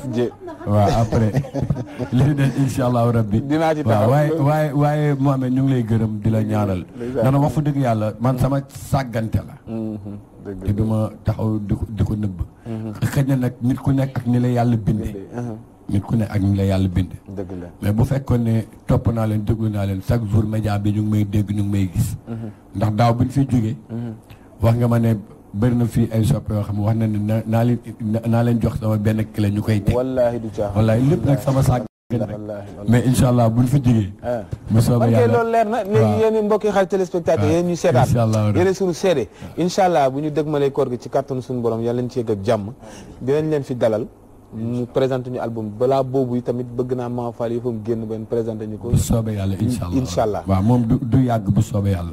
waaw après li de def incha allahu rabbi. dinaa ci taxaw waaye waaye waaye Mohamed ñu ngi lay gërëm di la ñaanal. dana wax fu dëgg yàlla man sama sàggante la. Mm-hmm. te duma taxaw di ko di ko nëbb. Mm-hmm. xëy na nag nit ku nekk ni la yàlla bindee. Uh-huh. nit ku ne ak ñi la yàlla bind. dëgg la mais bu fekkoon ne topp naa leen déglu naa leen chaque jour média bi ñu ngi may dégg ñu may gis. Mhm. ndax daaw bi ñu fiy jógee. Mhm. wax nga ma ne bëri na fii ay soppe yoo xam wax na na naa naa leen jox sama benn clé ñu koy teg. wallaahi du caaxaan wallaahi lépp nag sama saak. mais incha allah buñ fa jigee ah. bu soobee yàlla loolu leer na léegi yéen i mbokki xarit téléspectateur ah. ñu seetaat yéen allah bu ñu dëgmalee koor gi ci kàttanu suñu borom yàlla nañ ci yegg ak jàmm dinañ leen fi dalal mu présenté ñu album balaa boobu tamit bëgg naa Mame Fall yëfam génn benn présenté ñu ko. bu soobee yàlla allah incha allah waaw moom du du yàgg bu soobee yàlla.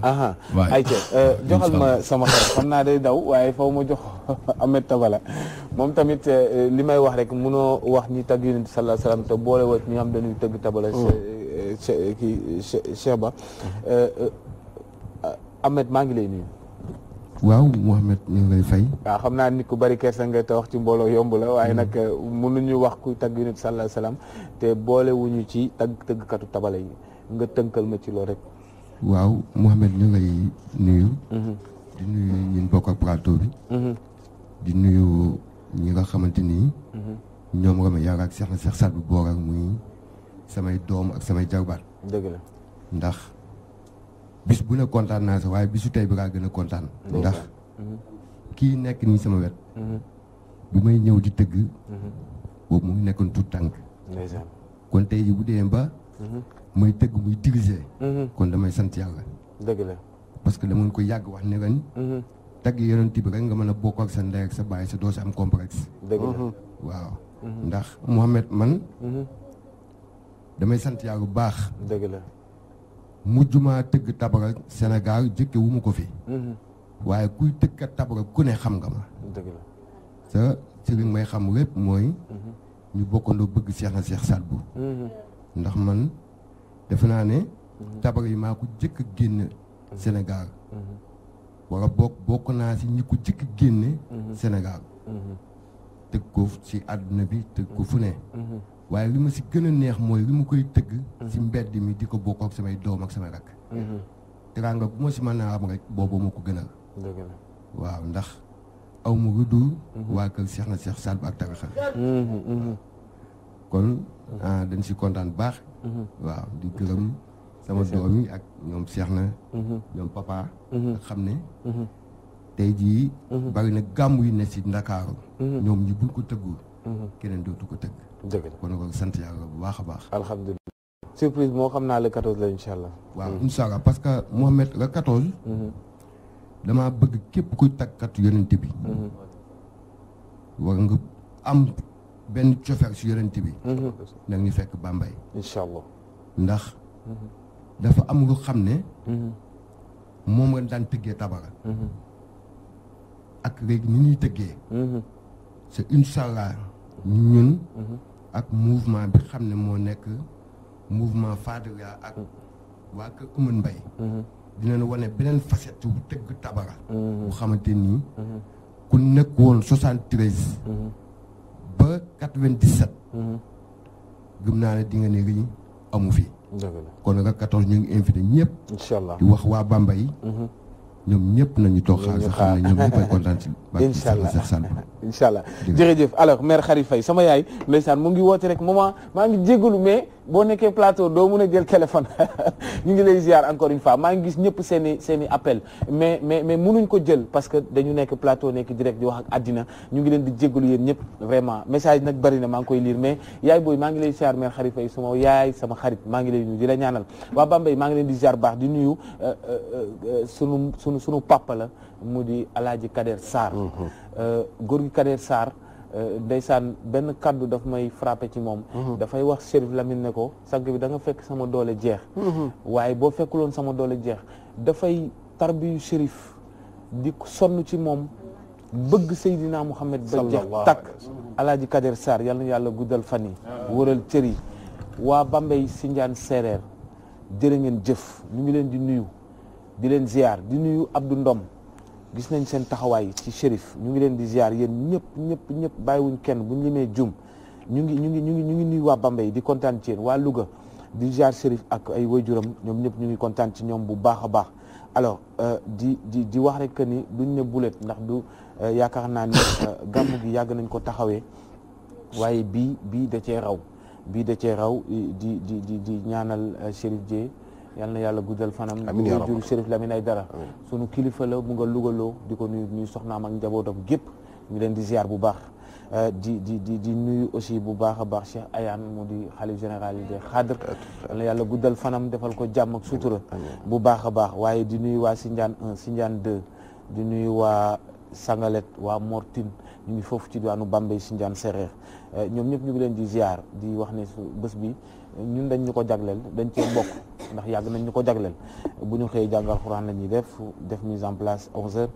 waay ayca euh, joxal ma sama xel naa day daw waaye faw ma jox Ahmed Tabala moom tamit euh, li may wax rek munoo wax ñi tagg Yonent bi sallallahu alayhi te boole woo ñi nga xam dañuy tëgg Tabala. Oh. Euh, kii Cheikh Ba Ahmed maa ngi lay nuyu. waaw Mouhamed ñu ngi lay fay. xam naa nit ku bari kersa ngay te wax ci mbooloo yomb la waaye mm. nag euh, mënuñu wax ku tagg yonent sallallahu alayhi wasallam te boolewuñu ci tagg tëggkatu tabala yi nga tënkal ma ci loolu rek. waaw Mouhamed ñu ngi lay nuyu. Mm-hmm. di nuyu ñun bokk ak bi. Mm-hmm. di nuyu ñi nga xamante ni. Mm-hmm. ñoom Rama Yara ak Cheikh na Cheikh Saad bu Booral muy samay doom ak samay jarbaat. dëgg la ndax. bis bu ne kontaan naa sax waaye bisu tey bi kaa gën a kontaan. ndax mhm. kii nekk nii sama wet. Mhm. bu may ñëw di tëgg. Mhm. boobu mu ngi nekkoon tout tànk. kon tey ji bu dee ba. may tëgg muy divisé. kon damay sant yàlla. dëgg la parce que dama ko yàgg wax ne ren. tagg yonent bi nga mën a bokk ak sa ndey ak sa baay sa doo si am complexe. waaw. ndax Mouhamed man. damay sant bu baax. dëgg mujjuma tëgg tabara Sénégal jëkke wu ma ko fi. Mhm. waaye kuy tëgg tabara ku ne xam nga ma. sa ci li may xam lépp mooy. Mhm. ñu bokkandoo bëgg Cheikh na Cheikh Sadbou. Mhm. ndax man defe naa ne. tabara yi maa ko jëkk génn senegal wala bokk bokk naa si ñi ko jëkk génne. Sénégal. tëgg ko ci àdduna bi tëgg ko fu ne. waaye li ma ci gën a neex mooy li ma koy tëgg mm-hmm. si mbedd mi di ko bokkook ak samay doom ak samay rakk mm-hmm. teraanga bu ma si mën a am rek boobu ma ko gënal waaw ndax aw ma ko dul mm-hmm. waa kër Seex na Seex Saal ak taraxa ah, si kontaan baax waaw di gërëm ñoom Seex na ñoom xam ne tey jii bari na gàmm yu ne si Ndakaaru ñoom ñi buñ ko tëggul Mhm. keneen dootu ko tëgg. dëgg la kon ko sant yàlla bu baax a baax. alhamdulilah surprise xam naa le 14 la incha allah. Mhm. que Mouhamed le mhm. damaa bëgg képp kuy tàkkat yonent bi. war benn cofeel si yonent bi. ñu fekk Bambey. incha ndax. dafa am lu xam ne. moom la daan tëggee tabara. ak léegi ni ñuy tëggee. c'est incha ñun mhm. ak mouvement bi xam ne moo nekk mouvement Fadria ak mhm. waa kër Oumar Mbaye mhm. ne wane beneen facette bu tëgg tabara bu xamante nii ku nekk woon soixante treize ba quatre vingt dix gëm naa ne di nga ne riñ amu fi kon nag quatorze ñu ngi invité ñëpp incha allah di wax waa Bamba yi ñoom ñëpp nañu toog xaar sax xam ne ñoom ñëppay kontaan ci incha allah incha allah jërëjëf alors mère Khary Faye sama yaay ndeysaan mu ngi woote rek moment maa ngi jégalu mais boo nekkee plateau doo mun a jël téléphone ñu ngi lay ziar encore une fa maa ngi gis ñëpp seen seen i appel mais mais mais munuñ ko jël parce que dañu nekk plateau nekk direct di wax ak addina ñu ngi leen di jégalu yéen ñëpp vraiment message nag bari na maa ngi koy lire mais yaay booy maa ngi lay ziar mère Khary Faye sama yaay sama xarit maa ngi lay nuyu di la ñaanal waa Bambey maa ngi leen di ziar baax di nuyu euh, euh, euh, sunu sunu sunu papa la mu di alaaji Kader Sarr mhm. euh, góor gi Kader Sarr euh, ndeysaan benn kaddu daf may frappé ci moom mhm. dafay wax Chérif Lamine ne ko sàgg bi danga fekk sama doole jeex mhm. waaye boo fekkuloon sama doole jeex dafay tarbiyu Chérif di sonn ci moom bëgg Seydina Mouhamed ba jeex takk alaaji Kader Sarr yàlla na yàlla guddal fan yi wëral cër yi waa Bambey Sindiane Seereer jërë ngeen jëf ñu ngi leen di nuyu di leen ziar di nuyu Abdou Ndom gis nañ seen taxawaay ci shérif ñu ngi leen di ziar yéen ñëpp ñëpp ñëpp bàyyiwuñ kenn bu buñ limee jum ñu ngi ñu ngi ñu ngi ñu ngi nuyu waa Bambey di kontaan ci yéen waa Louga di ziar shérif ak ay waajuram ñoom ñëpp ñu ngi kontaan ci ñoom bu baax a baax alors euh, di di di wax rek que ni duñ ne bulet ndax du euh, yaakaar naa ni euh, gàmmu gi yàgg nañ ko taxawee waaye bii bii da cee raw bii da cee raw di di di di ñaanal shérif Dieng yal na yàlla guddal fanam amiin jur Chérif Lamine dara sunu kilifa la mu nga lugaloo di ko nuy ñuy soxnaam ak njabootam gépp ngi leen di ziar bu baax euh, di di di di nuyu aussi bu baax a baax Cheikh Ayane mu di xalif général yi de xadr yàlla guddal fanam defal ko jàmm ak sutura bu baax a baax waaye di nuyu waa Sindiane 1 Sindiane 2 di nuyu waa Sangalet waa Mortin ñu ngi foofu ci diwaanu Bambey Sindiane Sereer euh, ñoom ñëpp ñu ngi leen di ziar di wax ne su bés bi ñun dañ ñu ko jagleel dañ ci bokk ndax yàgg nañ ñu ko jagleel bu ñu xëyee jàng alxuraan la ñuy def def mise en place 11h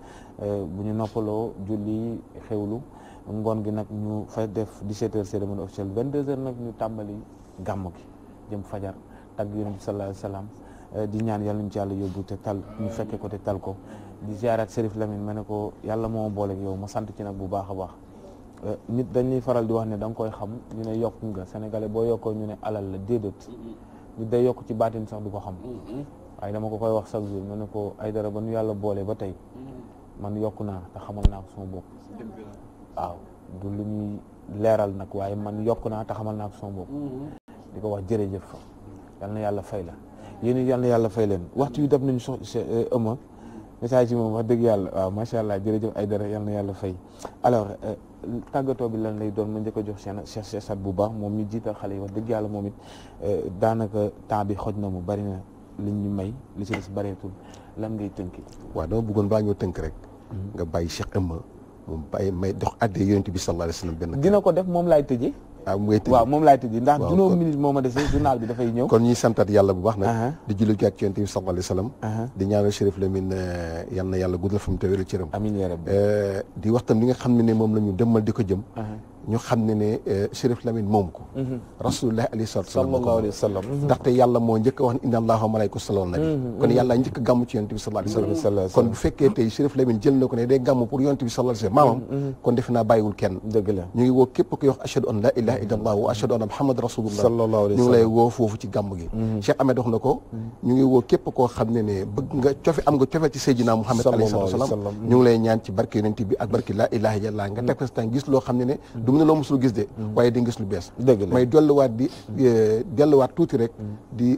euh, bu ñu noppaloo julli xewlu ngoon gi nag ñu fa def 17h cérémonie officielle 22h nag ñu tàmbali gàmm gi jëm fajar tagg yonent bi sallallahu alayhi euh, di ñaan yàlla ñu ci yàlla yóbbu te tal ñu fekkee ko te tal ko di ziaraat Serif Lamine ma ne ko yàlla moo boole ak yow ma sant ci nag bu baax a baax. nit dañuy faral di wax ne da nga koy xam ñu ne yokk nga sénégalais boo yokkoo ñu ne alal la déedéet mm-hmm. nit day yokk ci baatin sax du ko xam mm-hmm. waaye dama ko koy wax chaque jour ma ne ko ay dara ba nu yàlla boole ba tey mm-hmm. man yokk naa te xamal naa ko sama bopp waaw du lu ñuy leeral nag waaye man yokk naa te xamal naa ko sama bopp di ko wax jërëjëf yal na yàlla fay la yéen yàlla fay leen waxtu yu def nañu sox ëma message yi moom wax dëgg yàlla waaw macha allah jërëjëf ay dara yal na yàlla fay alors euh, tàggatoo bi lan lay doon ma njëkk a jox seen cherche sat bu baax moom ñu jiital xale yi wax dëgg yàlla moom it euh, daanaka temps bi xoj na mu bari na li ñu may li si des bareetul lan ngay tënki waaw dama bëggoon baa ñoo tënk rek mhm. nga bàyyi Cheikh Emma moom bàyyi may dox addee yonent bi sallallahu alayhi wa sallam benn dina ko def moom laay tëje ah mu waaw moom laay tëjee ndax juróom minute moo ma dese journal bi dafay ñëw kon ñuy santat yàlla bu baax nag uh-huh. di julli ci ak yonent bi sallallahu alayhi wasallam uh-huh. di ñaanal Chérif Lamine eh, yal na yàlla guddal fa mu te wéral cëram amiin yaa rabbi eh, di waxtaan mi nga xam ne ne moom la ñu demal di ko jëm uh-huh. ñu xam ne ne euh, Chérif Lamine moom ko mhm. rasulullah alayhi salatu mhm. njëkk a wax ne inna allaha wa malaikatu mhm, kon yàlla njëkk a gàmm ci yonent bi sallallahu alayhi kon bu fekkee tey Chérif Lamine jël na ko ne day gàmm pour yonent bi sallallahu maamam kon defe naa bàyyiwul kenn ñu ngi woo képp koy wax ashhadu an la ilaha illa muhammad nga cofe am nga cofe ci Seydina Muhammad alayhi ñu ngi ñaan ci barke yonent bi ak barke la ilaha illa allah nga teg sa tànk gis loo xam ne ne mu ne loo mosul gis de waaye di gis lu bees may dolliwaat di eh, delluwaat tuuti rek mm. di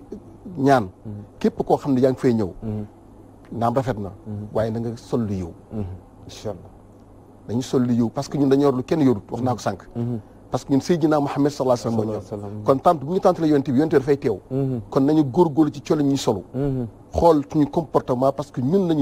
ñaan mm. képp koo xam ne yaa ngi fay ñëw mm. naam rafet na waaye na nga sol lu yiw incha allah dañu sol lu yiw parce que ñun dañu yor lu kenn yorut wax naa ko sànq mm-hmm. parce que ñun Seydina Muhammad sallallahu alayhi wa sallam moo ñëw kon tant bu ñu tant la yonte bi yonte dafay teew mm-hmm. kon nañu góorgóorlu ci colo ñuy solu mm-hmm. xool suñu comportement parce que ñun lañu